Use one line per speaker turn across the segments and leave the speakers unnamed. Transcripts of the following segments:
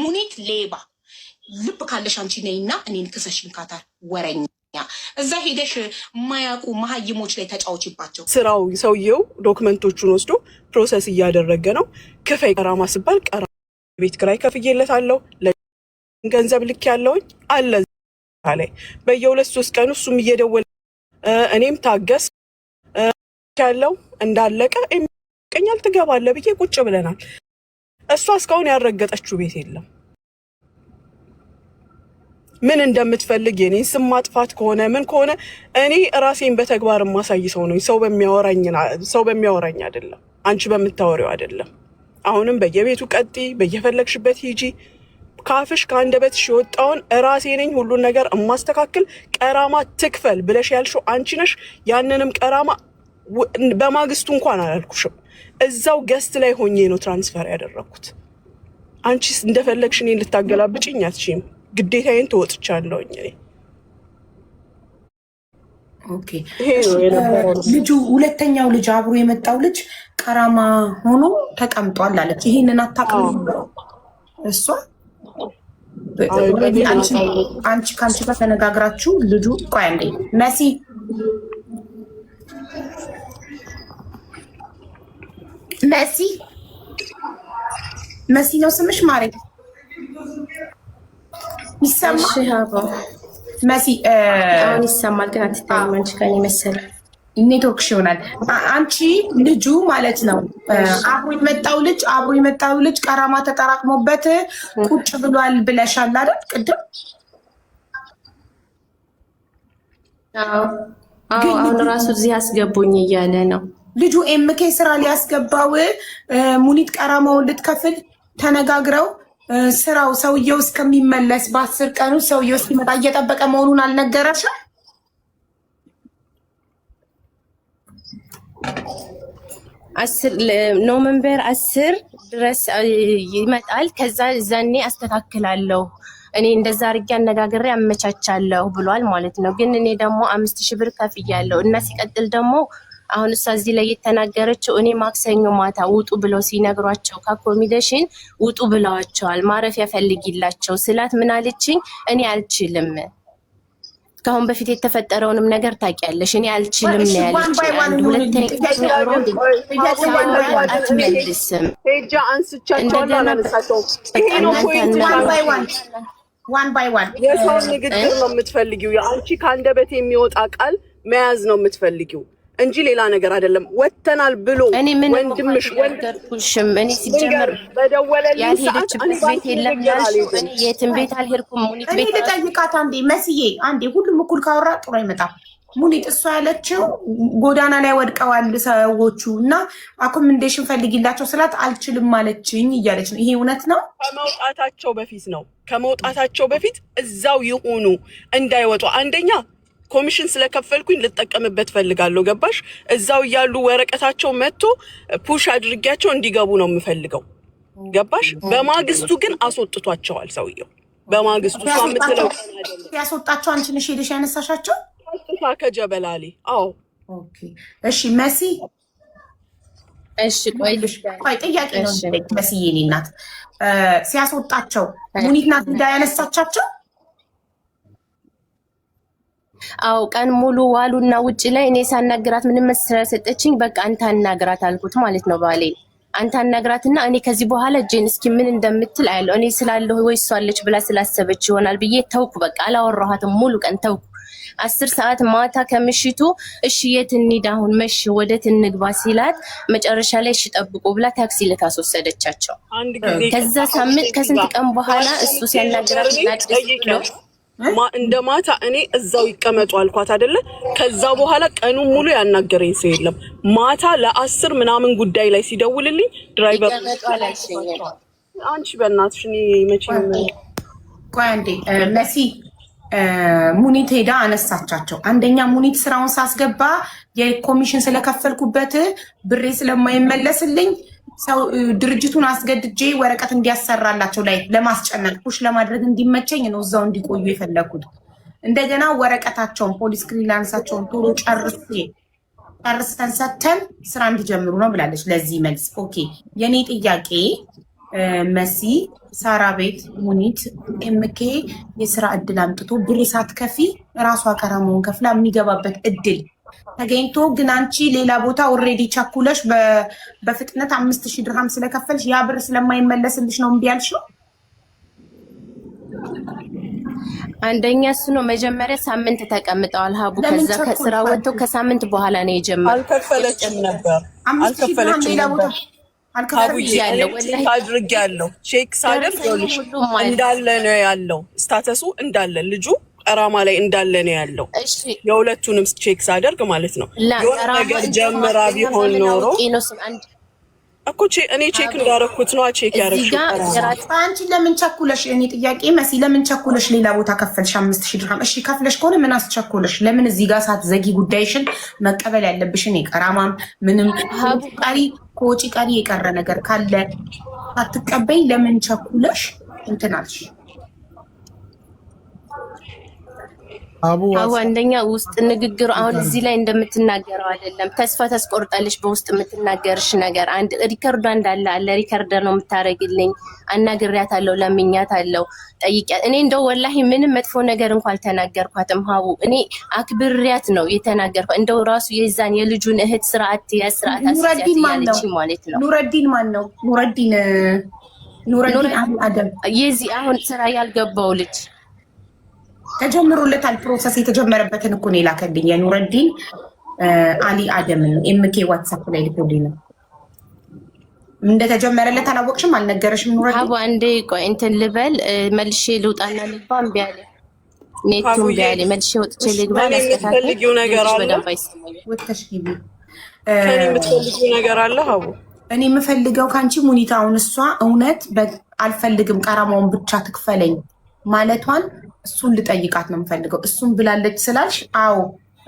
ሙኒት ሌባ። ልብ ካለሽ አንቺ ነይና እኔን ክሰሽን ካታር ወረኛ እዛ ሄደሽ ማያውቁ መሀይሞች ላይ ተጫዎችባቸው።
ስራው ሰውየው ዶክመንቶቹን ወስዶ ፕሮሰስ እያደረገ ነው። ክፈይ ቀራማ ስባል ቀራ ቤት ክራይ ከፍዬለት አለው ገንዘብ ልክ ያለውኝ አለ ላይ በየሁለት ሶስት ቀን እሱም እየደወለ እኔም ታገስ ያለው እንዳለቀ ቀኛል ትገባለ ብዬ ቁጭ ብለናል። እሷ እስካሁን ያልረገጠችው ቤት የለም። ምን እንደምትፈልግ የኔን ስም ማጥፋት ከሆነ ምን ከሆነ እኔ ራሴን በተግባር የማሳይ ሰው ነኝ። ሰው በሚያወራኝ አይደለም፣ አንቺ በምታወሪው አይደለም። አሁንም በየቤቱ ቀጢ፣ በየፈለግሽበት ሂጂ። ካፍሽ ከአንደበትሽ የወጣውን ራሴ ነኝ ሁሉን ነገር እማስተካክል። ቀራማ ትክፈል ብለሽ ያልሽው አንቺ ነሽ። ያንንም ቀራማ በማግስቱ እንኳን አላልኩሽም። እዛው ገስት ላይ ሆኜ ነው ትራንስፈር ያደረግኩት። አንቺ እንደፈለግሽ እኔን ልታገላብጭኝ አትችም። ግዴታዬን ተወጥቻለሁኝ እኔ
ልጁ ሁለተኛው ልጅ አብሮ የመጣው ልጅ ቀራማ ሆኖ ተቀምጧል አለች። ይህንን አታውቅም እሷ። አንቺ ከአንቺ ጋር ተነጋግራችሁ ልጁ ቆይ አንዴ መሲ መሲ መሲ ነው ስምሽ ማሬ ይሰማል
ይሰማል ግን አትታይም አንቺ
ኔትወርክሽ ይሆናል አንቺ ልጁ ማለት ነው አብሮ የመጣው ልጅ አብሮ የመጣው ልጅ ቀረማ ተጠራቅሞበት ቁጭ ብሏል ብለሻል አይደል
ቅድም ራሱ እዚህ አስገቡኝ እያለ ነው
ልጁ ኤምኬ ስራ ሊያስገባው ሙኒት ቀረማውን ልትከፍል ተነጋግረው ስራው ሰውየው እስከሚመለስ በአስር ቀኑ ሰውየው እስኪመጣ እየጠበቀ መሆኑን አልነገረሽም?
ኖቨምበር አስር ድረስ ይመጣል። ከዛ ዘኔ አስተካክላለሁ እኔ እንደዛ አርጌ አነጋግሬ አመቻቻለሁ ብሏል ማለት ነው። ግን እኔ ደግሞ አምስት ሺህ ብር ከፍያለሁ እና ሲቀጥል ደግሞ አሁን እሷ እዚህ ላይ የተናገረችው እኔ ማክሰኞ ማታ ውጡ ብለው ሲነግሯቸው ከኮሚደሽን ውጡ ብለዋቸዋል፣ ማረፊያ ፈልጊላቸው ስላት ምን አለችኝ? እኔ አልችልም ከአሁን በፊት የተፈጠረውንም ነገር ታውቂያለሽ። እኔ አልችልም
ነው ያለችኝ። ንግግር
ነው የምትፈልጊው። ከአንደበት የሚወጣ ቃል መያዝ ነው የምትፈልጊው እንጂ ሌላ ነገር አይደለም። ወተናል ብሎ
እኔ ምን ወንድምሽ ወንድምሽም እኔ ሲጀምር በደወለልኝ ሰዓት እኔ ቤት የለም ያልሽ እኔ የትም ቤት አልሄድኩም። ሙኒት
ቤት እኔ ልጠይቃት አንዴ፣ መስዬ አንዴ። ሁሉም እኩል ካወራ ጥሩ አይመጣም። ሙኒት እሷ ያለችው ጎዳና ላይ ወድቀዋል ሰዎቹ እና አኮመንዴሽን ፈልጊላቸው ስላት አልችልም ማለችኝ እያለች ነው። ይሄ እውነት ነው።
ከመውጣታቸው በፊት ነው ከመውጣታቸው በፊት እዛው ይሁኑ እንዳይወጡ አንደኛ ኮሚሽን ስለከፈልኩኝ ልጠቀምበት ፈልጋለሁ። ገባሽ? እዛው እያሉ ወረቀታቸው መጥቶ ፑሽ አድርጊያቸው እንዲገቡ ነው የምፈልገው። ገባሽ? በማግስቱ ግን አስወጥቷቸዋል ሰውየው። በማግስቱ የምትለው
ያስወጣቸው አንቺ ነሽ ሄደሽ ያነሳሻቸው
ከጀበላሌ። አዎ
እሺ። መሲ
እሺ፣ ቆይ
ጥያቄ ነው መስዬ እኔ እናት ሲያስወጣቸው ሙኒት ናት እንዳያነሳቻቸው
አው ቀን ሙሉ ዋሉና ውጭ ላይ እኔ ሳናግራት ምንም ስለሰጠችኝ በቃ አንተ አናግራት አልኩት ማለት ነው ባሌ አንተ አናግራትና እኔ ከዚህ በኋላ እጄን እስኪ ምን እንደምትል አያለሁ። እኔ ስላለሁ ወይ እሷ አለች ብላ ስላሰበች ይሆናል ብዬ ተውኩ። በቃ አላወራኋትም፣ ሙሉ ቀን ተውኩ። አስር ሰዓት ማታ ከምሽቱ እሺ የት እንሂድ አሁን መሽ ወደ ትንግባ ሲላት መጨረሻ ላይ እሺ ጠብቁ ብላ ታክሲ ልታስወሰደቻቸው ከዛ ሳምንት ከስንት ቀን በኋላ እሱ ሲያናግራት
እንደ ማታ እኔ እዛው ይቀመጡ አልኳት አይደለ? ከዛ በኋላ ቀኑን ሙሉ ያናገረኝ ሰው የለም። ማታ ለአስር ምናምን ጉዳይ ላይ ሲደውልልኝ ድራይቨር አንቺ በእናትሽ እኔ መቼም
መሲ ሙኒት ሄዳ አነሳቻቸው። አንደኛ ሙኒት ስራውን ሳስገባ የኮሚሽን ስለከፈልኩበት ብሬ ስለማይመለስልኝ ሰው ድርጅቱን አስገድጄ ወረቀት እንዲያሰራላቸው ላይ ለማስጨነቅ ፑሽ ለማድረግ እንዲመቸኝ ነው እዛው እንዲቆዩ የፈለግኩት። እንደገና ወረቀታቸውን ፖሊስ ክሊራንሳቸውን ቶሎ ጨርሴ ጨርሰን ሰተን ስራ እንዲጀምሩ ነው ብላለች። ለዚህ መልስ ኦኬ። የኔ ጥያቄ መሲ ሳራ ቤት ሙኒት ኤምኬ የስራ እድል አምጥቶ ብር ሳትከፊ ራሷ ከረመውን ከፍላ የሚገባበት እድል ተገኝቶ ግን አንቺ ሌላ ቦታ ኦሬዲ ቸኩለሽ በፍጥነት አምስት ሺህ ድርሃም ስለከፈልሽ ያ ብር ስለማይመለስልሽ ነው እምቢ ያልሽው?
አንደኛ እሱ ነው። መጀመሪያ ሳምንት ተቀምጠዋል ሀቡ። ከዛ ከስራ ወጥቶ ከሳምንት በኋላ ነው የጀመረው።
አልከፈለችም ነበር
አልከፈለችም ነበር
አድርግ ያለው ቼክ ሳደርግ እንዳለ ነው ያለው ስታተሱ እንዳለ ልጁ ቀራማ ላይ እንዳለ ነው ያለው። የሁለቱንም ቼክ ሳደርግ ማለት ነው የሆነ ነገር ጀምራ ቢሆን ኖሮ እኮ እኔ ቼክ እንዳረኩት ነው ቼክ ያረኩት።
አንቺን ለምን ቸኩለሽ? እኔ ጥያቄ መሲ ለምን ቸኩለሽ? ሌላ ቦታ ከፈልሽ አምስት ሺ ድርሃም። እሺ ከፍለሽ ከሆነ ምን አስቸኮለሽ? ለምን እዚህ ጋር ሳትዘጊ ጉዳይሽን መቀበል ያለብሽ። እኔ ቀራማም ምንም ቀሪ ከወጪ ቀሪ የቀረ ነገር ካለ አትቀበይ። ለምን ቸኩለሽ እንትናልሽ
አቡ አንደኛ ውስጥ ንግግሩ አሁን እዚህ ላይ እንደምትናገረው አይደለም። ተስፋ ተስቆርጠልሽ በውስጥ የምትናገርሽ ነገር አንድ ሪከርዷ እንዳለ አለ ሪከርደር ነው የምታደርግልኝ። አናግሪያት አለው ለምኛት አለው ጠይቂያት። እኔ እንደው ወላሂ ምንም መጥፎ ነገር እንኳ አልተናገርኳትም። ሀቡ እኔ አክብሪያት ነው የተናገርኳ። እንደው ራሱ የዛን የልጁን እህት ስርአት ስርአት
አስያለች ማለት ነው። ኑረዲን ማን ነው? ኑረዲን ኑረዲን አደም
የዚህ አሁን ስራ ያልገባው ልጅ
ተጀምሮለታል። ፕሮሰስ የተጀመረበትን እኮ ነው የላከልኝ የኑረዲን አሊ አደምን ኤምኬ ዋትሳፕ ላይ ልኮልኝ ነው። እንደተጀመረለት አላወቅሽም? አልነገረሽም? ኑረዲን
አቡ አንዴ ቆይ እንትን ልበል መልሼ ልውጣና ልባ እምቢ አለ ኔቱ እምቢ አለ መልሼ ወጥቼ ልግባ የምትፈልጊው ነገር አለ
ወጥተሽ ግቢ የምትፈልጊው ነገር አለ ሀቡ
እኔ የምፈልገው ከአንቺ ሙኒታውን እሷ እውነት አልፈልግም ቀረማውን ብቻ ትክፈለኝ ማለቷን እሱን ልጠይቃት ነው የምፈልገው። እሱን ብላለች ስላልሽ፣ አዎ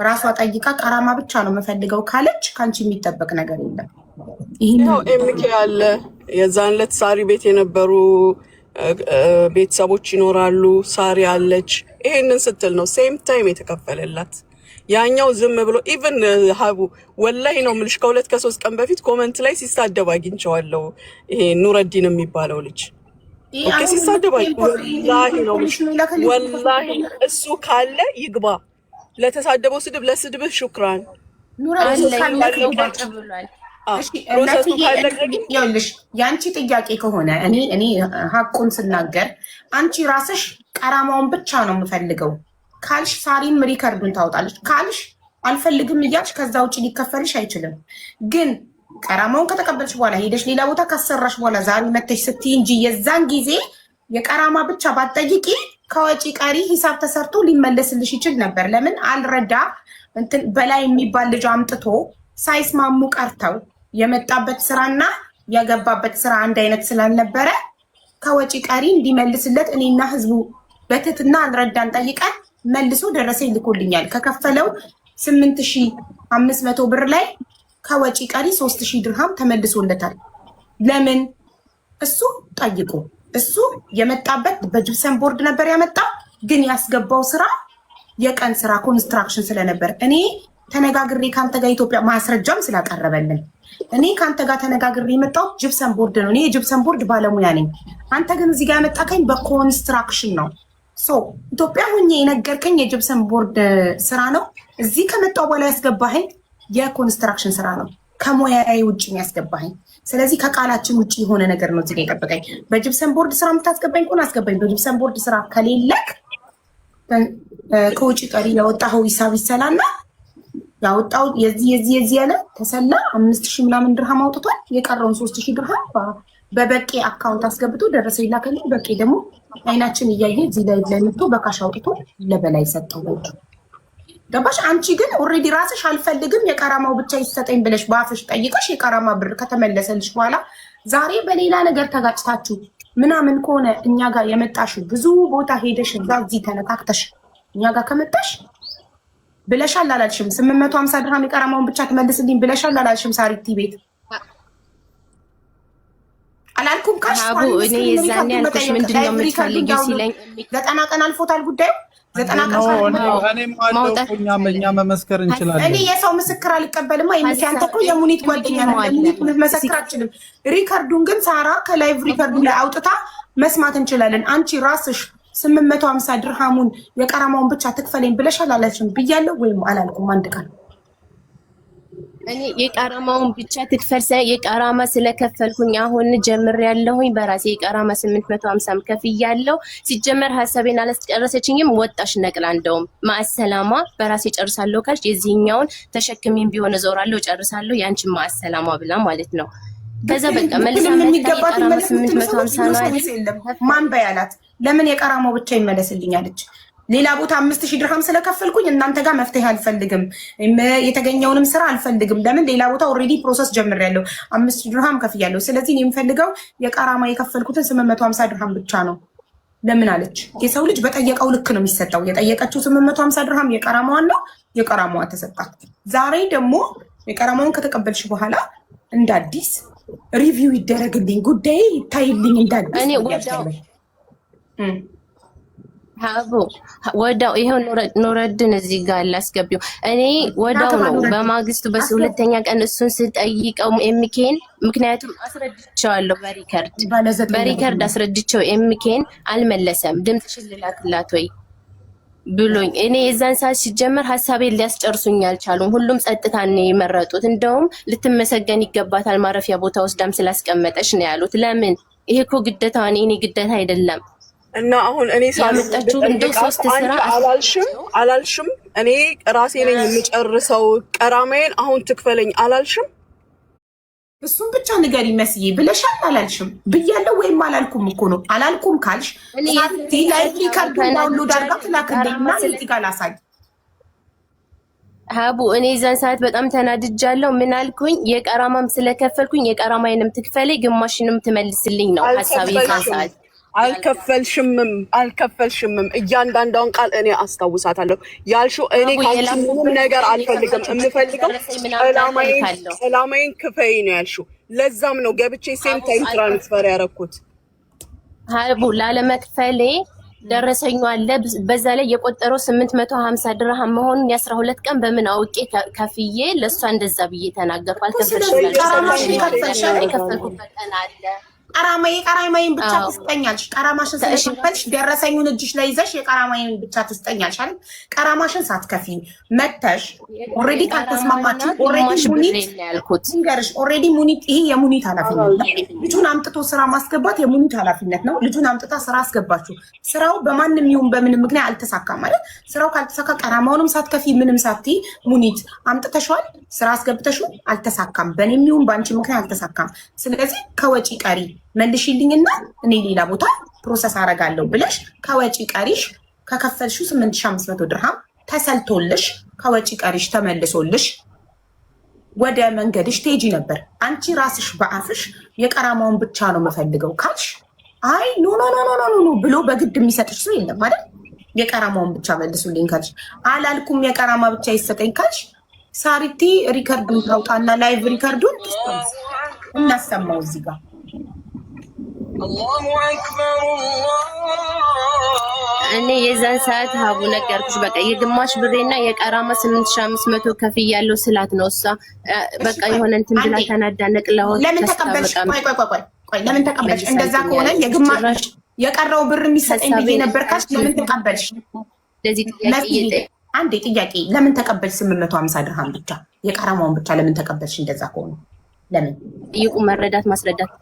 ራሷ ጠይቃ ቀራማ ብቻ ነው የምፈልገው ካለች ከአንቺ የሚጠበቅ ነገር የለም።
ይኸው ኤምኬ አለ። የዛን ዕለት ሳሪ ቤት የነበሩ ቤተሰቦች ይኖራሉ። ሳሪ አለች። ይሄንን ስትል ነው ሴም ታይም የተከፈለላት። ያኛው ዝም ብሎ ኢቨን ሀቡ ወላይ ነው ምልሽ ከሁለት ከሶስት ቀን በፊት ኮመንት ላይ ሲሳደብ አግኝቸዋለው ይሄ ኑረዲን የሚባለው ልጅ ሲሳደባል ወላሂ እሱ ካለ ይግባ። ለተሳደበው ስድብ ለስድብህ ሹክራን
ይኸውልሽ የአንቺ ጥያቄ ከሆነ እኔ እኔ ሀቁን ስናገር አንቺ ራስሽ ቀራማውን ብቻ ነው የምፈልገው ካልሽ፣ ሳሪም ሪከርዱን ታውጣለች ካልሽ፣ አልፈልግም እያልሽ ከዛ ውጭ ሊከፈልሽ አይችልም ግን ቀራማውን ከተቀበልሽ በኋላ ሄደሽ ሌላ ቦታ ካሰራሽ በኋላ ዛሬ መተሽ ስትይ እንጂ የዛን ጊዜ የቀራማ ብቻ ባጠይቂ ከወጪ ቀሪ ሂሳብ ተሰርቶ ሊመለስልሽ ይችል ነበር። ለምን አልረዳ እንትን በላይ የሚባል ልጅ አምጥቶ ሳይስማሙ ቀርተው የመጣበት ስራና ያገባበት ስራ አንድ አይነት ስላልነበረ ከወጪ ቀሪ እንዲመልስለት እኔና ህዝቡ በትትና አልረዳን ጠይቀን መልሶ ደረሰኝ ልኮልኛል። ከከፈለው ስምንት ሺ አምስት መቶ ብር ላይ ከወጪ ቀሪ ሶስት ሺህ ድርሃም ተመልሶለታል። ለምን እሱ ጠይቁ። እሱ የመጣበት በጅብሰን ቦርድ ነበር ያመጣ፣ ግን ያስገባው ስራ የቀን ስራ ኮንስትራክሽን ስለነበር እኔ ተነጋግሬ ከአንተ ጋር ኢትዮጵያ ማስረጃም ስላቀረበልን እኔ ከአንተ ጋር ተነጋግሬ የመጣው ጅብሰን ቦርድ ነው። እኔ የጅብሰን ቦርድ ባለሙያ ነኝ። አንተ ግን እዚህ ጋር ያመጣከኝ በኮንስትራክሽን ነው። ኢትዮጵያ ሁኜ የነገርከኝ የጅብሰን ቦርድ ስራ ነው። እዚህ ከመጣው በኋላ ያስገባኸኝ የኮንስትራክሽን ስራ ነው። ከሙያ ውጭ ያስገባኝ። ስለዚህ ከቃላችን ውጭ የሆነ ነገር ነው እዚህ የጠበቀኝ። በጅብሰን ቦርድ ስራ የምታስገባኝ ከሆነ አስገባኝ። በጅብሰን ቦርድ ስራ ከሌለክ ከውጭ ቀሪ ያወጣኸው ሂሳብ ይሰላና ያወጣው የዚህ የዚህ የዚህ ያለ ተሰላ አምስት ሺህ ምናምን ድርሃም አውጥቷል። የቀረውን ሶስት ሺህ ድርሃም በበቄ አካውንት አስገብቶ ደረሰ ይላከልኝ። በቄ ደግሞ አይናችን እያየ እዚህ ላይ ለንቶ በካሽ አውጥቶ ለበላይ ሰጠው። ገባሽ? አንቺ ግን ኦሬዲ ራስሽ አልፈልግም የቀረማው ብቻ ይሰጠኝ ብለሽ በአፍሽ ጠይቀሽ የቀረማ ብር ከተመለሰልሽ በኋላ ዛሬ በሌላ ነገር ተጋጭታችሁ ምናምን ከሆነ እኛ ጋር የመጣሽ ብዙ ቦታ ሄደሽ እዛ እዚህ ተነካክተሽ እኛ ጋር ከመጣሽ ብለሻል አላልሽም? ስምንት መቶ ሀምሳ ድርሃም የቀረማውን ብቻ ትመልስልኝ ብለሻል አላልሽም? ሳሪቲ ቤት አላልኩም? ካሽ እኔ የዛኔ ያልኩሽ ምንድን ሲለኝ ዘጠና ቀን አልፎታል ጉዳዩ
እኛ መመስከር እንችላለን።
እኔ የሰው ምስክር አልቀበልም። አንተ እኮ የሙኒት ጓደኛ ሪከርዱን ግን ሳራ ከላይቭ ሪከርዱ ላይ አውጥታ መስማት እንችላለን። አንቺ ራስሽ ስምንት መቶ ሀምሳ ድርሃሙን የቀረማውን ብቻ ትክፈለኝ ብለሻል አላለሽም ብያለሁ ወይም አላልኩም አንድ ቀን
እኔ የቀረማውን ብቻ ትክፈል ሳይ የቀራማ ስለከፈልኩኝ አሁን ጀምር ያለሁኝ በራሴ የቀራማ 850 ከፍ እያለው ሲጀመር ሀሳቤን አላስጨረሰችኝም። ወጣሽ ነቅላ እንደውም ማሰላማ በራሴ ጨርሳለሁ ካልሽ የዚህኛውን ተሸክሜም ቢሆን እዞራለሁ ጨርሳለሁ ያንቺን ማሰላማ ብላ ማለት ነው። ከዛ በቃ መልሳ የሚገባት
850 ነው። ማን በያላት ለምን የቀራማው ብቻ ይመለስልኛለች? ሌላ ቦታ አምስት ሺህ ድርሃም ስለከፈልኩኝ እናንተ ጋር መፍትሄ አልፈልግም፣ የተገኘውንም ስራ አልፈልግም። ለምን ሌላ ቦታ ኦልሬዲ ፕሮሰስ ጀምሬያለሁ፣ አምስት ሺህ ድርሃም ከፍያለሁ። ስለዚህ እኔ የምፈልገው የቃራማ የከፈልኩትን ስምንት መቶ ሀምሳ ድርሃም ብቻ ነው። ለምን አለች። የሰው ልጅ በጠየቀው ልክ ነው የሚሰጠው። የጠየቀችው ስምንት መቶ ሀምሳ ድርሃም የቀራማዋን ነው፣ የቀራማዋ ተሰጣት። ዛሬ ደግሞ የቀራማውን ከተቀበልሽ በኋላ እንደ አዲስ ሪቪው ይደረግልኝ፣ ጉዳይ ይታይልኝ፣ እንደ አዲስ
ሀቡ ወዳው ይሄው ኑረድን እዚህ ጋር ላስገቢው። እኔ ወዳው ነው በማግስቱ በሁለተኛ ቀን እሱን ስጠይቀው ኤምኬን ምክንያቱም አስረድቼዋለሁ በሪከርድ በሪከርድ አስረድቼው ኤምኬን አልመለሰም። ድምፅሽን ልላክላት ወይ ብሎኝ እኔ የዛን ሰዓት ሲጀመር ሀሳቤን ሊያስጨርሱኝ አልቻሉም። ሁሉም ጸጥታ ነው የመረጡት። እንደውም ልትመሰገን ይገባታል ማረፊያ ቦታ ዳም ስላስቀመጠች ነው ያሉት። ለምን ይሄ እኮ ግደታዋን የኔ ግደታ አይደለም
እና አሁን እኔ ሳልጣችሁ እንደው ሶስት ስራ አላልሽም አላልሽም። እኔ ራሴ ነኝ የምጨርሰው። ቀራማዬን አሁን ትክፈለኝ አላልሽም።
እሱን ብቻ ንገሪ መስዬ ብለሻል። አላልሽም ብያለሁ ወይም አላልኩም እኮ ነው። አላልኩም ካልሽ ላይፍ ሪካርድ ዳውንሎድ አድርጋ ትላክልኝና ጋ ላሳይ
ሀቡ እኔ ዛን ሰዓት በጣም ተናድጃለሁ። ምን አልኩኝ? የቀራማም ስለከፈልኩኝ የቀራማዬንም ትክፈለኝ ግማሽንም ትመልስልኝ ነው ሀሳብ የዛን
ሰዓት አልከፈልሽምም አልከፈልሽምም። እያንዳንዷን ቃል እኔ አስታውሳታለሁ ያልሺው። እኔ ከአንቺ ምንም ነገር አልፈልግም። የምፈልገው ሰላማዬን ክፈይ ነው ያልሺው። ለዛም ነው ገብቼ ሴም ታይም ትራንስፈር ያደረኩት
ሀቡ ላለመክፈሌ ደረሰኛ አለ። በዛ ላይ የቆጠረው 850 መቶ ሀምሳ ድርሃም መሆኑን የአስራ ሁለት ቀን በምን አውቄ ከፍዬ ለእሷ እንደዛ ብዬ ተናገርኩ። አልከፈልሽም ያልኩት
የከፈልኩበት ቀን አለ ቀራማዬ ቀራማዬን ብቻ ትስጠኛልሽ። ቀራማሽን ስለከፈልሽ ደረሰኙን እጅሽ ላይ ይዘሽ የቀራማዬን ብቻ ትስጠኛልሽ አይደል? ቀራማሽን ሳትከፊ መተሽ ኦልሬዲ ካልተስማማችሁ ኦልሬዲ ሙኒት ንገርሽ። ኦልሬዲ ሙኒት ይሄ የሙኒት ኃላፊነት ነው። ልጁን አምጥቶ ስራ ማስገባት የሙኒት ኃላፊነት ነው። ልጁን አምጥታ ስራ አስገባችሁ። ስራው በማንም ይሁን በምንም ምክንያት አልተሳካም ማለት ስራው ካልተሳካ ቀራማውንም ሳትከፊ ምንም ሳትይ ሙኒት አምጥተሸዋል፣ ስራ አስገብተሽው አልተሳካም። በእኔም ይሁን በአንቺ ምክንያት አልተሳካም። ስለዚህ ከወጪ ቀሪ መልሽልኝና እኔ ሌላ ቦታ ፕሮሰስ አረጋለሁ ብለሽ ከወጪ ቀሪሽ ከከፈልሹ 8500 ድርሃም ተሰልቶልሽ ከወጪ ቀሪሽ ተመልሶልሽ ወደ መንገድሽ ትሄጂ ነበር። አንቺ ራስሽ በአፍሽ የቀራማውን ብቻ ነው የምፈልገው ካልሽ አይ ኖ ኖ ኖ ኖ ኖ ብሎ በግድ የሚሰጥሽ ሰው የለም አይደል? የቀራማውን ብቻ መልሱልኝ ካልሽ አላልኩም የቀራማ ብቻ ይሰጠኝ ካልሽ ሳሪቲ ሪከርዱን ታውጣና ላይቭ ሪከርዱን እናሰማው እዚህ ጋር
እኔ የዛን ሰዓት ሀቡ ነገርኩሽ። በቃ የግማሽ ብሬና የቀራማ 8500 ከፍ ያለው ስላት ነው እሷ በቃ የሆነ እንትን ብላ ተናዳ ነቅለው
ለምን ተቀበልሽ? ቆይ ቆይ ቆይ ቆይ ለምን ተቀበልሽ? እንደዛ ከሆነ የግማሽ የቀረው ብር የሚሰጠኝ ብዬ ነበር ካልሽ ለምን ተቀበልሽ? ለዚህ ጥያቄ አንዴ ጥያቄ ለምን ተቀበልሽ? ድርሃም ብቻ የቀራማውን ብቻ ለምን ተቀበልሽ? እንደዛ ከሆነ
ለምን ይቁ መረዳት ማስረዳት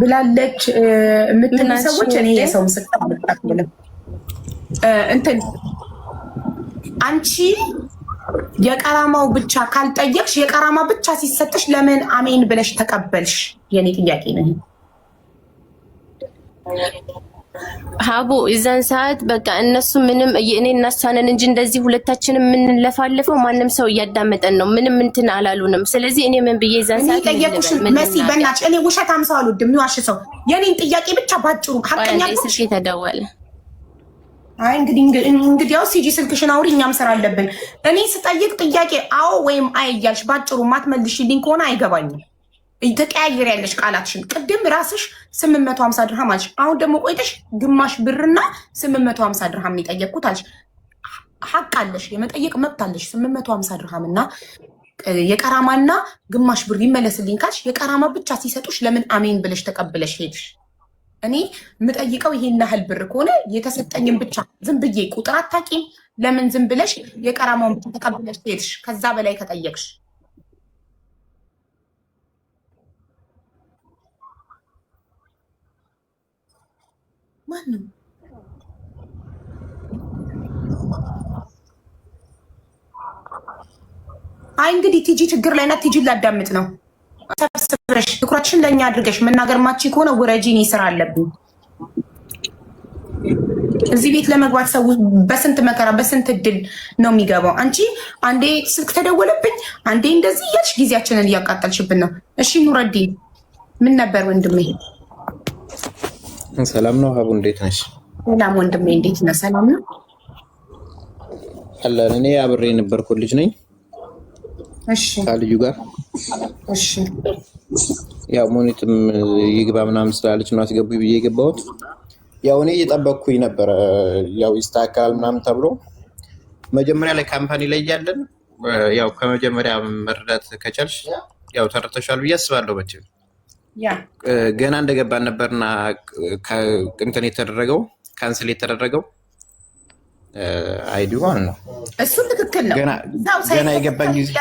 ብላለች የምትሉ ሰዎች እኔ የሰው ምስክር አልቀበልም። እንትን አንቺ የቀራማው ብቻ ካልጠየቅሽ የቀራማ ብቻ ሲሰጥሽ ለምን አሜን ብለሽ ተቀበልሽ? የኔ ጥያቄ ነው።
ሀቡ እዛን ሰዓት በቃ እነሱ ምንም እኔ እናሳነን እንጂ እንደዚህ ሁለታችን የምንለፋለፈው ማንም ሰው እያዳመጠን ነው። ምንም እንትን አላሉንም። ስለዚህ እኔ ምን ብዬ እዛን
ሰዓት ጠየቁሽ መሲ፣ በእናትሽ እኔ ውሸት አምሳ አልወድም። የሚዋሽ ሰው የኔን ጥያቄ ብቻ ባጭሩ
ሀቀኛ ስልሽ የተደወለ
አይ እንግዲህ እንግዲህ ያው ሲጂ ስልክሽን አውሪ፣ እኛም ስራ አለብን። እኔ ስጠይቅ ጥያቄ አዎ ወይም አይ እያልሽ ባጭሩ ማትመልሽልኝ ከሆነ አይገባኝም። ተቀያየር ያለሽ ቃላትሽን ቅድም ራስሽ 850 ድርሃም አልሽ። አሁን ደግሞ ቆይተሽ ግማሽ ብርና 850 ድርሃም የጠየቅኩት አልሽ። ሀቅ አለሽ፣ የመጠየቅ መብት አለሽ። 850 ድርሃም እና የቀራማና ግማሽ ብር ይመለስልኝ ካልሽ የቀራማ ብቻ ሲሰጡሽ ለምን አሜን ብለሽ ተቀብለሽ ሄድሽ? እኔ የምጠይቀው ይሄን ያህል ብር ከሆነ የተሰጠኝን ብቻ ዝም ብዬ ቁጥር አታቂም። ለምን ዝም ብለሽ የቀራማውን ብቻ ተቀብለሽ ሄድሽ? ከዛ በላይ ከጠየቅሽ ማን አይ እንግዲህ ቲጂ ችግር ላይ ናት። ቲጂ ላዳምጥ ነው። ሰብስብረሽ ትኩረትሽን ለእኛ አድርገሽ መናገር ማቺ ከሆነ ውረጂ፣ እኔ ስራ አለብኝ። እዚህ ቤት ለመግባት ሰው በስንት መከራ በስንት እድል ነው የሚገባው። አንቺ አንዴ ስልክ ተደወለብኝ፣ አንዴ እንደዚህ እያልሽ ጊዜያችንን እያቃጠልሽብን ነው። እሺ ኑረዲ፣ ምን ነበር ወንድሜ?
ሰላም ነው ሀቡ፣ እንዴት ነሽ?
ሰላም ወንድሜ፣ እንዴት ነህ? ሰላም ነው
አለን። እኔ አብሬ የነበርኩ ልጅ ነኝ ከልዩ ጋር ያው ሙኒትም ይግባ ምናምን ስላለች ነው አስገቡ ብዬ የገባሁት። ያው እኔ እየጠበቅኩኝ ነበረ ያው ይስተካከላል ምናምን ተብሎ መጀመሪያ ላይ ካምፓኒ ላይ እያለን ያው ከመጀመሪያ መርዳት ከቻልሽ ያው ተረተሻል ብዬ አስባለሁ መቼም ገና እንደገባ ነበርና እንትን የተደረገው ካንስል የተደረገው አይዲ ማለት ነው።
እሱ ትክክል ነው።
ገና የገባን ጊዜ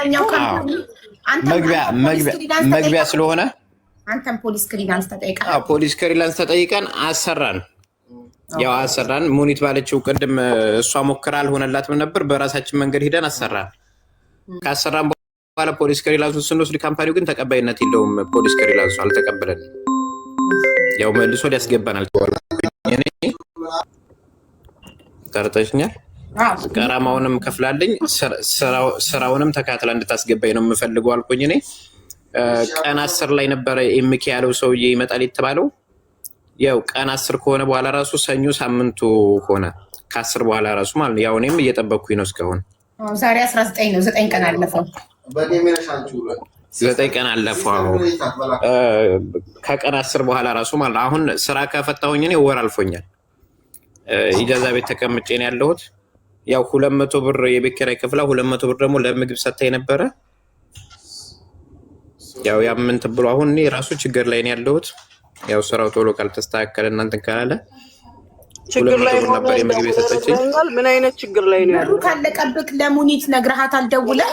መግቢያ ስለሆነ
አንተም ፖሊስ ክሪላንስ
ተጠይቀን ፖሊስ ክሪላንስ ተጠይቀን አሰራን። ያው አሰራን ሙኒት ባለችው ቅድም እሷ ሞክራ አልሆነላትም ነበር። በራሳችን መንገድ ሂደን አሰራን። ካሰራን በኋላ ፖሊስ ከሪላንሱን ስንወስድ ካምፓኒው ግን ተቀባይነት የለውም። ፖሊስ ከሪላንሱ አልተቀበለን፣ ያው መልሶ ሊያስገባናል። ቀርጠሽኛል። ቀራማውንም ከፍላለኝ ስራውንም ተካትላ እንድታስገባኝ ነው የምፈልገው አልኩኝ። እኔ ቀን አስር ላይ ነበረ ኤምኬ ያለው ሰውዬ ይመጣል የተባለው። ያው ቀን አስር ከሆነ በኋላ ራሱ ሰኞ ሳምንቱ ሆነ ከአስር በኋላ ራሱ ማለት ነው። ያው እኔም እየጠበኩኝ ነው እስካሁን።
ዛሬ አስራ ዘጠኝ ነው። ዘጠኝ ቀን አለፈው።
ዘጠኝ ቀን አለፈው። ከቀን አስር በኋላ ራሱ ማለት አሁን ስራ ከፈታሁኝ እኔ ወር አልፎኛል። ኢጃዛ ቤት ተቀምጬ ነው ያለሁት። ያው ሁለት መቶ ብር የቤት ኪራይ ክፍላ፣ ሁለት መቶ ብር ደግሞ ለምግብ ሰታይ ነበረ። ያው ያምንት ብሎ አሁን እኔ ራሱ ችግር ላይ ነው ያለሁት። ያው ስራው ቶሎ ካልተስተካከለ እናንተን ካላለ ችግር ላይ ነበር የምግብ የሰጠችኝ።
ምን አይነት ችግር ላይ ነው ያለው? ካለቀብክ ለሙኒት ነግረሃት አልደውለህ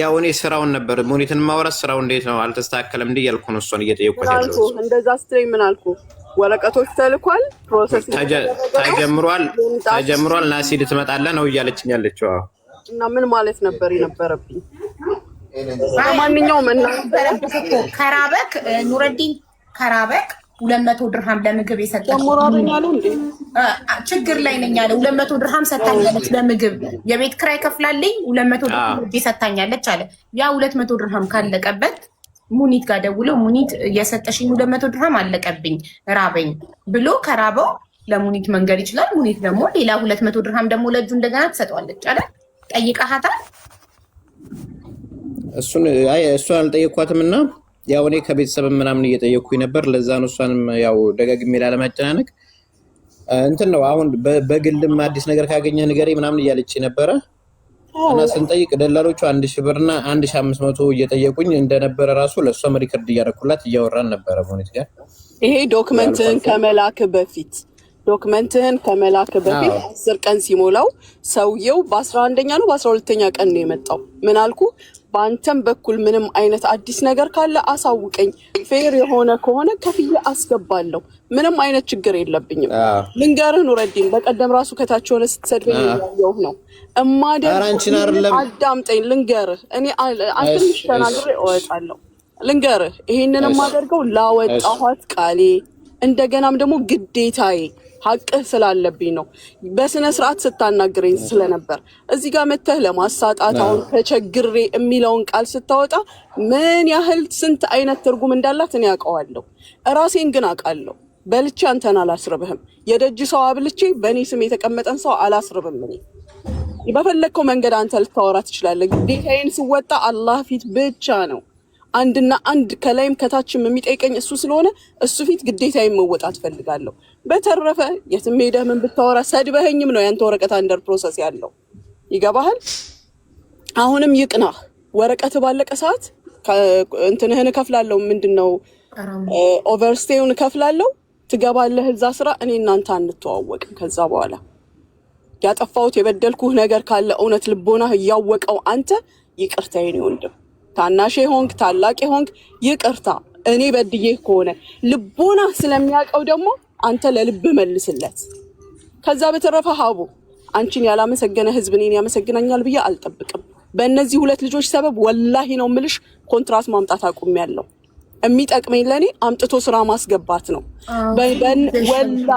ያው እኔ ስራውን ነበር ሙኒትን ማውራት ስራው እንዴት ነው አልተስተካከለም እንዴ ያልኩ ነው። እሷን እየጠየቅኩት
ያለው እንደዛ ስትለኝ ምን አልኩ? ወረቀቶች ተልኳል፣
ፕሮሰስ ተጀምሯል፣ ተጀምሯል ናሲ ልትመጣለህ ነው እያለችኝ ያለችው።
እና ምን ማለት ነበር የነበረብኝ?
ማንኛውም እና ከራበክ ኑረዲን ከራበክ ሁለት መቶ ድርሃም ለምግብ የሰጠች ችግር ላይ ነኝ አለ። ሁለት መቶ ድርሃም ሰታኛለች ለምግብ የቤት ክራይ ከፍላለኝ ሁለት መቶ ድርሃም ሰታኛለች አለ። ያ ሁለት መቶ ድርሃም ካለቀበት ሙኒት ጋር ደውለው ሙኒት የሰጠሽኝ ሁለት መቶ ድርሃም አለቀብኝ ራበኝ ብሎ ከራበው ለሙኒት መንገድ ይችላል። ሙኒት ደግሞ ሌላ ሁለት መቶ ድርሃም ደግሞ ለእጁ እንደገና ትሰጠዋለች አለ። ጠይቀሃታል?
እሱን እሷን አልጠየኳትም እና ያው እኔ ከቤተሰብ ምናምን እየጠየኩኝ ነበር። ለዛ ነው እሷንም ያው ደጋግሜ ላለማጨናነቅ እንትን ነው። አሁን በግልም አዲስ ነገር ካገኘ ንገረኝ ምናምን እያለች ነበረ እና ስንጠይቅ ደላሎቹ አንድ ሺህ ብርና አንድ ሺ አምስት መቶ እየጠየቁኝ እንደነበረ ራሱ ለእሷም ሪከርድ እያደረኩላት እያወራን ነበረ ሞኒት ጋር።
ይሄ ዶክመንትህን ከመላክ በፊት ዶክመንትህን ከመላክ በፊት አስር ቀን ሲሞላው ሰውየው በአስራ አንደኛ ነው በአስራ ሁለተኛ ቀን ነው የመጣው። ምን አልኩ በአንተም በኩል ምንም አይነት አዲስ ነገር ካለ አሳውቀኝ። ፌር የሆነ ከሆነ ከፍዬ አስገባለሁ። ምንም አይነት ችግር የለብኝም። ልንገርህ ኑረዲን፣ በቀደም ራሱ ከታች ሆነ ስትሰድበኝ ያየሁህ ነው። እማደን አዳምጠኝ፣ ልንገርህ። እኔ ትንሽ ተናግሬ እወጣለሁ። ልንገርህ፣ ይሄንን የማደርገው ላወጣኋት ቃሌ እንደገናም ደግሞ ግዴታዬ ሀቅህ ስላለብኝ ነው። በስነ ስርዓት ስታናግረኝ ስለነበር እዚህ ጋር መተህ ለማሳጣት አሁን ተቸግሬ የሚለውን ቃል ስታወጣ ምን ያህል ስንት አይነት ትርጉም እንዳላት እኔ አውቀዋለሁ። እራሴን ግን አውቃለሁ። በልቼ አንተን አላስርብህም። የደጅ ሰው አብልቼ በእኔ ስም የተቀመጠን ሰው አላስርብም። እኔ በፈለግከው መንገድ አንተ ልታወራ ትችላለህ። ግዴታዬን ስወጣ አላህ ፊት ብቻ ነው አንድና አንድ ከላይም ከታችም የሚጠይቀኝ እሱ ስለሆነ እሱ ፊት ግዴታዬን መወጣት እፈልጋለሁ። በተረፈ የትም ሄደህ ምን ብታወራ ሰድበኸኝም ነው ያንተ ወረቀት አንደር ፕሮሰስ ያለው ይገባሃል። አሁንም ይቅናህ። ወረቀት ባለቀ ሰዓት እንትንህን እከፍላለሁ። ምንድን ነው ኦቨርስቴውን እከፍላለሁ። ትገባለህ እዛ ስራ። እኔ እናንተ አንተዋወቅም ከዛ በኋላ ያጠፋሁት የበደልኩህ ነገር ካለ እውነት ልቦናህ እያወቀው አንተ ይቅርታ የኔ ወንድም፣ ታናሽ ሆንክ ታላቅ ሆንክ ይቅርታ። እኔ በድዬህ ከሆነ ልቦናህ ስለሚያውቀው ደግሞ አንተ ለልብ መልስለት። ከዛ በተረፈ ሀቡ አንቺን ያላመሰገነ ህዝብ እኔን ያመሰግናኛል ብዬ አልጠብቅም። በእነዚህ ሁለት ልጆች ሰበብ ወላሂ ነው ምልሽ ኮንትራት ማምጣት ያለው የሚጠቅመኝ ለእኔ አምጥቶ ስራ ማስገባት ነው። ወላሂ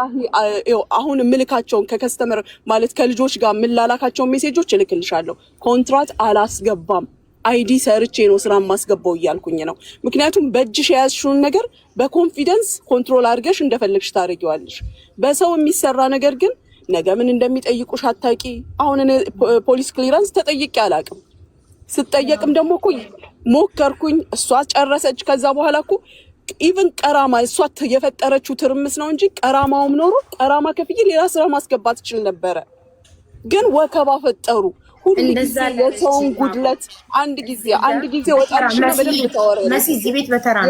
አሁን ምልካቸውን ከከስተመር ማለት ከልጆች ጋር የምላላካቸውን ሜሴጆች እልክልሻለሁ። ኮንትራት አላስገባም። አይዲ ሰርቼ ነው ስራ ማስገባው እያልኩኝ ነው። ምክንያቱም በእጅሽ የያዝሽውን ነገር በኮንፊደንስ ኮንትሮል አድርገሽ እንደፈለግሽ ታደርጊዋለሽ። በሰው የሚሰራ ነገር ግን ነገ ምን እንደሚጠይቁሽ አታቂ። አሁን ፖሊስ ክሊራንስ ተጠይቄ አላቅም። ስጠየቅም ደግሞ እኮ ሞከርኩኝ፣ እሷ ጨረሰች። ከዛ በኋላ እኮ ኢቭን ቀራማ እሷ የፈጠረችው ትርምስ ነው እንጂ ቀራማውም ኖሮ ቀራማ ከፍዬ ሌላ ስራ ማስገባት እችል ነበረ። ግን ወከባ ፈጠሩ። የሰውን ጉድለት አንድ ጊዜ አንድ ጊዜ በደንብ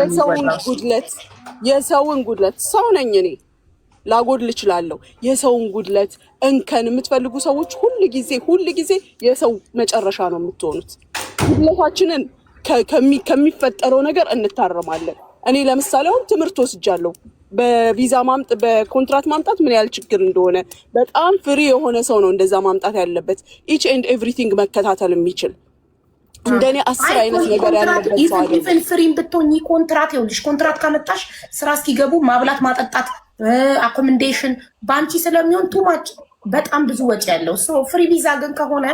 የሰውን ጉድለት የሰውን ጉድለት ሰው ነኝ እኔ ላጎድል እችላለሁ። የሰውን ጉድለት እንከን የምትፈልጉ ሰዎች ሁል ጊዜ ሁል ጊዜ የሰው መጨረሻ ነው የምትሆኑት። ጉድለታችንን ከሚፈጠረው ነገር እንታረማለን። እኔ ለምሳሌ አሁን ትምህርት ወስጃለሁ። በቪዛ ማምጥ በኮንትራት ማምጣት ምን ያህል ችግር እንደሆነ በጣም ፍሪ የሆነ ሰው ነው እንደዛ ማምጣት ያለበት። ኢች ኤንድ ኤቭሪቲንግ መከታተል የሚችል እንደኔ አስር አይነት ነገር
ያለበት ሰው አይደለም። ፍሪም ብትሆኝ ኮንትራት ይኸውልሽ፣ ኮንትራት ካመጣሽ ስራ እስኪገቡ ማብላት፣ ማጠጣት፣ አኮመንዴሽን በአንቺ ስለሚሆን ቱማች በጣም ብዙ ወጪ ያለው። ፍሪ ቪዛ ግን ከሆነ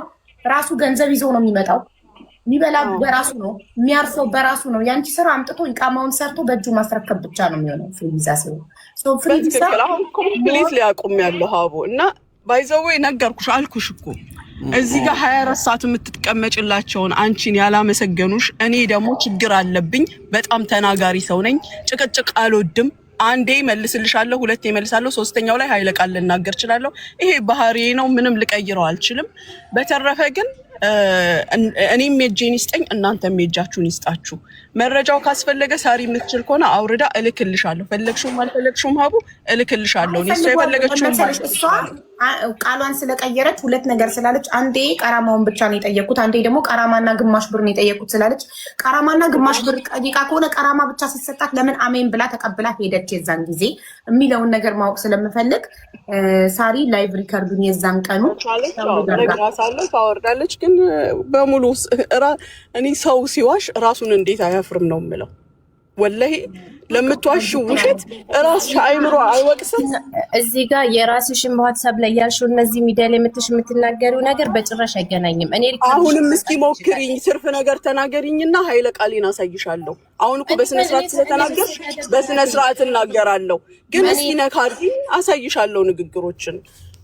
ራሱ ገንዘብ ይዞ ነው የሚመጣው የሚበላ በራሱ ነው፣ የሚያርሰው በራሱ ነው። ያንቺ ስራ አምጥቶ ኢቃማውን ሰርቶ በእጁ ማስረከብ ብቻ ነው የሚሆነው። ፍሪ ቪዛ ሲሆን ፍሪ ቪዛ
አሁን ኮምፕሊት ሊያቆም ያለው ሀቦ እና ባይዘወይ ነገርኩሽ አልኩሽ እኮ እዚህ ጋር ሀያ አራት ሰዓት የምትቀመጭላቸውን አንቺን ያላመሰገኑሽ። እኔ ደግሞ ችግር አለብኝ፣ በጣም ተናጋሪ ሰው ነኝ፣ ጭቅጭቅ አልወድም። አንዴ መልስልሻለሁ፣ ሁለቴ መልሳለሁ፣ ሶስተኛው ላይ ሀይለ ቃል ልናገር እችላለሁ። ይሄ ባህሪ ነው፣ ምንም ልቀይረው አልችልም። በተረፈ ግን እኔም የእጄን ይስጠኝ እናንተም የእጃችሁን ይስጣችሁ። መረጃው ካስፈለገ ሳሪ የምትችል ከሆነ አውርዳ እልክልሻለሁ። ፈለግሽውም አልፈለግሽውም ሀቡ እልክልሻለሁ። እሷ የፈለገችውን
ቃሏን ስለቀየረች ሁለት ነገር ስላለች፣ አንዴ ቀራማውን ብቻ ነው የጠየኩት፣ አንዴ ደግሞ ቀራማና ግማሽ ብር ነው የጠየኩት ስላለች ቀራማና ግማሽ ብር ጠይቃ ከሆነ ቀራማ ብቻ ስትሰጣት ለምን አሜን ብላ ተቀብላ ሄደች የዛን ጊዜ የሚለውን ነገር ማወቅ ስለምፈልግ ሳሪ ላይቭ ሪከርዱን የዛን ቀኑ
ታወርዳለች። ግን በሙሉ እኔ ሰው ሲዋሽ ራሱን እንዴት አያ አታፍርም ነው የምለው። ወላሂ ለምትዋሽው ውሸት ራስሽ አይምሮ አይወቅስም።
እዚህ ጋር የራስሽን በዋትሳብ ላይ ያልሽው እነዚህ ሚዲያ ላይ የምትሽ የምትናገሪው ነገር በጭራሽ አይገናኝም። እኔ
አሁንም እስኪ ሞክሪኝ፣ ስርፍ ነገር ተናገሪኝና ኃይለ ቃሌን አሳይሻለሁ። አሁን እኮ በስነስርዓት ስለተናገርሽ በስነስርዓት እናገራለሁ፣ ግን እስኪ ነካሪ አሳይሻለሁ ንግግሮችን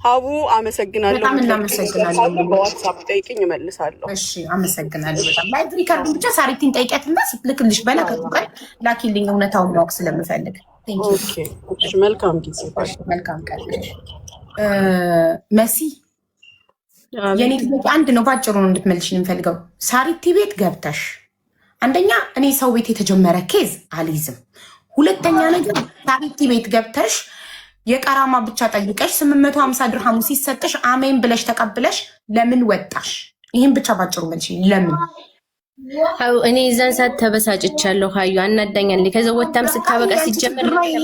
ሀቡ አመሰግናለሁ። በጣም እናመሰግናለሁ። በዋትሳፕ ጠይቅኝ እመልሳለሁ።
እሺ አመሰግናለሁ። በጣም ላይቭ ሪከርዱን ብቻ ሳሪቲን ጠይቂያትና ስትልክልሽ በላከቱ ቀን ላኪልኝ፣ እውነታውን ማወቅ ስለምፈልግ።
መልካም ጊዜ፣ መልካም
ቀን። መሲ የኔ ጥያቄ አንድ ነው፣ በአጭሩ ነው እንድትመልሽ የምፈልገው። ሳሪቲ ቤት ገብተሽ አንደኛ እኔ ሰው ቤት የተጀመረ ኬዝ አልይዝም። ሁለተኛ ነገር ሳሪቲ ቤት ገብተሽ የቀራማ ብቻ ጠይቀሽ 850 ድርሃሙ ሲሰጥሽ አሜን ብለሽ ተቀብለሽ ለምን ወጣሽ? ይህን ብቻ ባጭሩ መልሽ። ለምን እኔ የዛን ሰዓት ተበሳጭቻለሁ። ሀዩ አናዳኛለች። ከዛ ወታም ስታበቃ ሲጀምር ይህ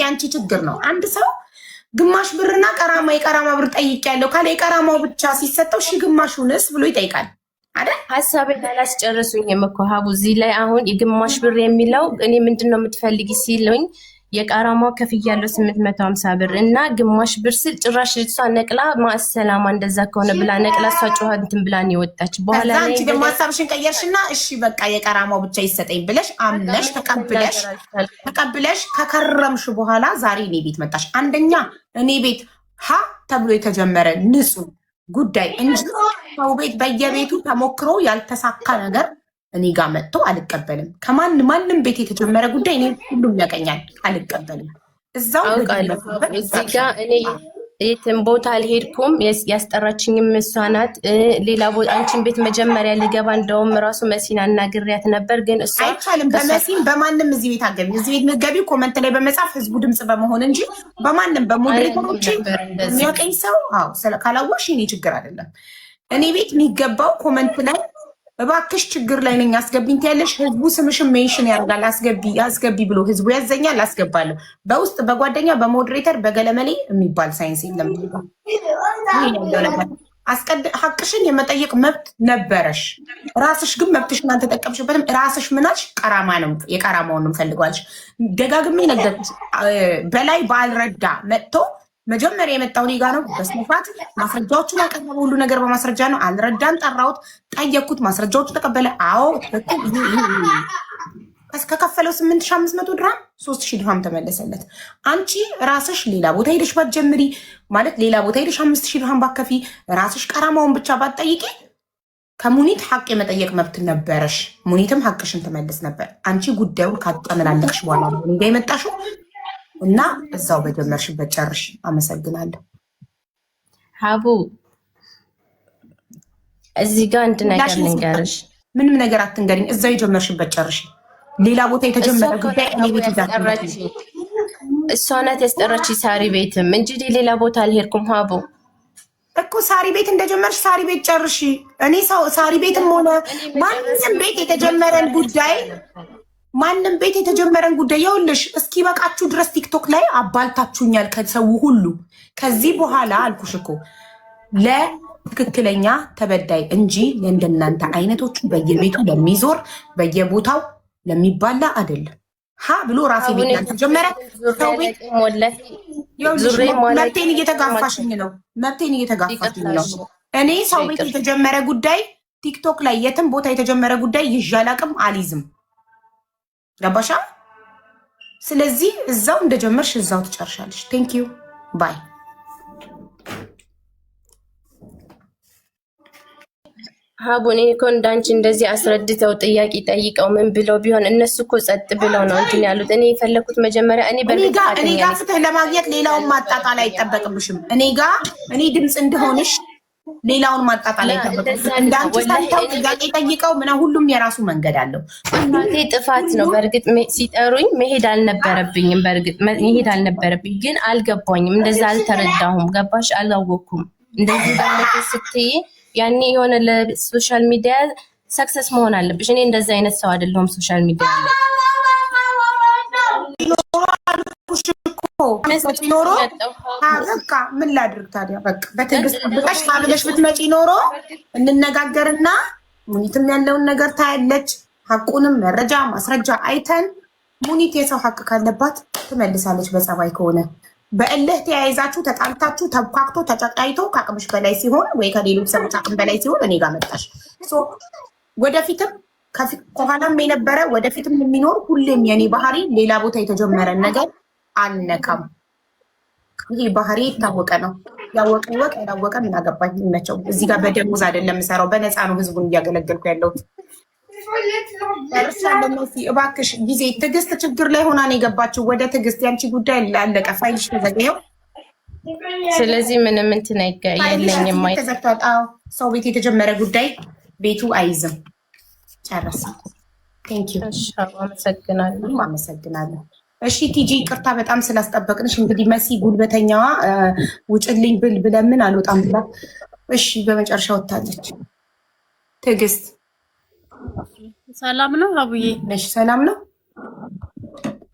የአንቺ ችግር ነው። አንድ ሰው ግማሽ ብርና ቀራማ የቀራማ ብር ጠይቄያለሁ ካለ የቀራማው ብቻ ሲሰጠው ሺ ግማሹንስ ብሎ ይጠይቃል።
ሀሳብን አላስጨረሱኝም እኮ ሀቡ እዚህ ላይ አሁን የግማሽ ብር የሚለው እኔ ምንድን ነው የምትፈልጊ ሲለኝ የቃራማው ከፍያ ያለው 850 ብር እና ግማሽ ብር ስል ጭራሽ እሷ ነቅላ ማሰላማ እንደዛ ከሆነ ብላ ነቅላ እሷ ጮኸ እንትን ብላ ነው የወጣች።
በኋላ ላይ አንቺ ደግሞ ሀሳብሽን ቀየርሽና እሺ በቃ የቃራማው ብቻ ይሰጠኝ ብለሽ አምነሽ ተቀብለሽ ተቀብለሽ ከከረምሽ በኋላ ዛሬ እኔ ቤት መጣሽ። አንደኛ እኔ ቤት ሀ ተብሎ የተጀመረ ንጹህ ጉዳይ እንጂ ሰው ቤት በየቤቱ ተሞክሮ ያልተሳካ ነገር እኔ ጋር መጥቶ አልቀበልም። ከማን ማንም ቤት የተጀመረ ጉዳይ እኔ ሁሉም ያገኛል፣ አልቀበልም።
እዛው እዚህ ጋ እኔ የትም ቦታ አልሄድኩም። ያስጠራችኝም እሷ ናት። ሌላ ቦታ አንቺን ቤት መጀመሪያ ሊገባ እንደውም ራሱ መሲን አናግሪያት ነበር፣ ግን እሷ
አይቻልም። በመሲን በማንም እዚህ ቤት አገቢ እዚህ ቤት ምገቢ ኮመንት ላይ በመጻፍ ህዝቡ ድምፅ በመሆን እንጂ በማንም በሞዴሬተሮች የሚያቀኝ ሰው ካላወሽ እኔ ችግር አይደለም። እኔ ቤት የሚገባው ኮመንት ላይ እባክሽ ችግር ላይ ነኝ አስገቢኝ ትያለሽ። ህዝቡ ስምሽን ሜንሽን ያደርጋል። አስገቢ አስገቢ ብሎ ህዝቡ ያዘኛል፣ አስገባለሁ። በውስጥ በጓደኛ በሞዴሬተር በገለመሌ የሚባል ሳይንስ የለም። ሀቅሽን የመጠየቅ መብት ነበረሽ። ራስሽ ግን መብትሽን አልተጠቀምሽበትም። ራስሽ ምናች ቀራማ ነው የቀራማውን ፈልጓልሽ። ደጋግሜ ነገር በላይ ባልረዳ መጥቶ መጀመሪያ የመጣው ሊጋ ነው። በስፋት ማስረጃዎቹን አቀረበ። ሁሉ ነገር በማስረጃ ነው። አልረዳን፣ ጠራሁት፣ ጠየቅኩት። ማስረጃዎቹ ተቀበለ። አዎ ከከፈለው ስምንት ሺ አምስት መቶ ድራም ሶስት ሺ ድርሃም ተመለሰለት። አንቺ ራስሽ ሌላ ቦታ ሄደሽ ባትጀምሪ ማለት ሌላ ቦታ ሄደሽ አምስት ሺ ድርሃም ባከፊ ራስሽ ቀራማውን ብቻ ባትጠይቂ ከሙኒት ሀቅ የመጠየቅ መብት ነበረሽ። ሙኒትም ሀቅሽን ትመልስ ነበር። አንቺ ጉዳዩን ካጠመላለቅሽ በኋላ ነው የመጣሽው። እና እዛው በጀመርሽበት ጨርሽ። አመሰግናለሁ
ሀቡ። እዚህ ጋር አንድ ነገር ልንገርሽ።
ምንም ነገር አትንገሪኝ፣ እዛው የጀመርሽበት ጨርሽ። ሌላ ቦታ የተጀመረ ጉዳይ
እሷ ናት ያስጠራች ሳሪ ቤትም እንጂ ሌላ ቦታ አልሄድኩም። ሀቡ
እኮ ሳሪ ቤት እንደጀመርሽ ሳሪ ቤት ጨርሺ። እኔ ሳሪ ቤትም ሆነ ማንም ቤት የተጀመረን ጉዳይ ማንም ቤት የተጀመረን ጉዳይ የውልሽ እስኪ በቃችሁ ድረስ ቲክቶክ ላይ አባልታችሁኛል ከሰው ሁሉ። ከዚህ በኋላ አልኩሽ እኮ ለትክክለኛ ተበዳይ እንጂ ለእንደናንተ አይነቶቹ በየቤቱ ለሚዞር በየቦታው ለሚባላ አይደለም። ሀ ብሎ ራሴ ቤት ተጀመረ መብቴን እየተጋፋሽኝ ነው። መብቴን እየተጋፋሽኝ ነው። እኔ ሰው ቤት የተጀመረ ጉዳይ ቲክቶክ ላይ የትም ቦታ የተጀመረ ጉዳይ ይዣላቅም አልይዝም። ገባሻ? ስለዚህ እዛው እንደጀመርሽ እዛው ትጨርሻለሽ። ቴንክ ዩ ባይ።
ሀቡን እኮ እንዳንቺ እንደዚህ አስረድተው ጥያቄ ጠይቀው ምን ብለው ቢሆን እነሱ እኮ ጸጥ ብለው ነው እንትን ያሉት። እኔ የፈለኩት መጀመሪያ እኔ
እኔ ጋ ፍትህ ለማግኘት ሌላውን ማጣጣል አይጠበቅብሽም። እኔ ጋ እኔ ድምፅ እንደሆንሽ ሌላውን ጥያቄ ጠይቀው ምና ሁሉም የራሱ መንገድ አለው።
እናቴ ጥፋት ነው። በእርግጥ ሲጠሩኝ መሄድ አልነበረብኝም። በእርግጥ መሄድ አልነበረብኝ፣ ግን አልገባኝም። እንደዛ አልተረዳሁም። ገባሽ? አላወኩም። እንደዚህ ባለፈ ስትይ ያኔ የሆነ ለሶሻል ሚዲያ ሰክሰስ መሆን አለብሽ። እኔ እንደዚህ አይነት ሰው አይደለሁም ሶሻል ሚዲያ
ኖሮ በቃ ምን ላድርግ ታዲያ? በቃ በትዕግስት ብለሽ ብለሽ ብትመጪ ኖሮ እንነጋገርና ሙኒትም ያለውን ነገር ታያለች። ሀቁንም መረጃ ማስረጃ አይተን ሙኒት የሰው ሀቅ ካለባት ትመልሳለች። በጸባይ ከሆነ በእልህ ተያይዛችሁ ተጣልታችሁ ተኳክቶ ተጨቃይቶ ከአቅምሽ በላይ ሲሆን ወይ ከሌሎች ሰዎች አቅም በላይ ሲሆን እኔ ጋር መጣሽ። ወደፊትም ከኋላም የነበረ ወደፊትም የሚኖር ሁሌም የኔ ባህሪ ሌላ ቦታ የተጀመረን ነገር አልነካም። ይሄ ባህሪ የታወቀ ነው። ያወቀ ወቅ ያላወቀ ምን አገባኝ ይመቸው። እዚህ ጋር በደሞዝ አይደለም የምሰራው፣ በነፃ ነው ህዝቡን እያገለገልኩ ያለሁት። እባክሽ ጊዜ ትዕግስት ችግር ላይ ሆና ነው የገባችው። ወደ ትዕግስት ያንቺ ጉዳይ አለቀ። ፋይልሽ ተዘገየው።
ስለዚህ ምንም እንትን የለኝም።
ተዘግቷል። ሰው ቤት የተጀመረ ጉዳይ ቤቱ አይዝም። ጨረሰ። ቴንኪው። አመሰግናለሁ። አመሰግናለሁ። እሺ ቲጂ ቅርታ በጣም ስላስጠበቅንሽ። እንግዲህ መሲ ጉልበተኛዋ ውጭልኝ ብል ብለምን አልወጣም ብላ እሺ በመጨረሻ ወታለች። ትዕግስት
ሰላም ነው አቡዬ
ነሽ? ሰላም ነው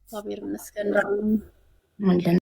እግዚአብሔር ይመስገን።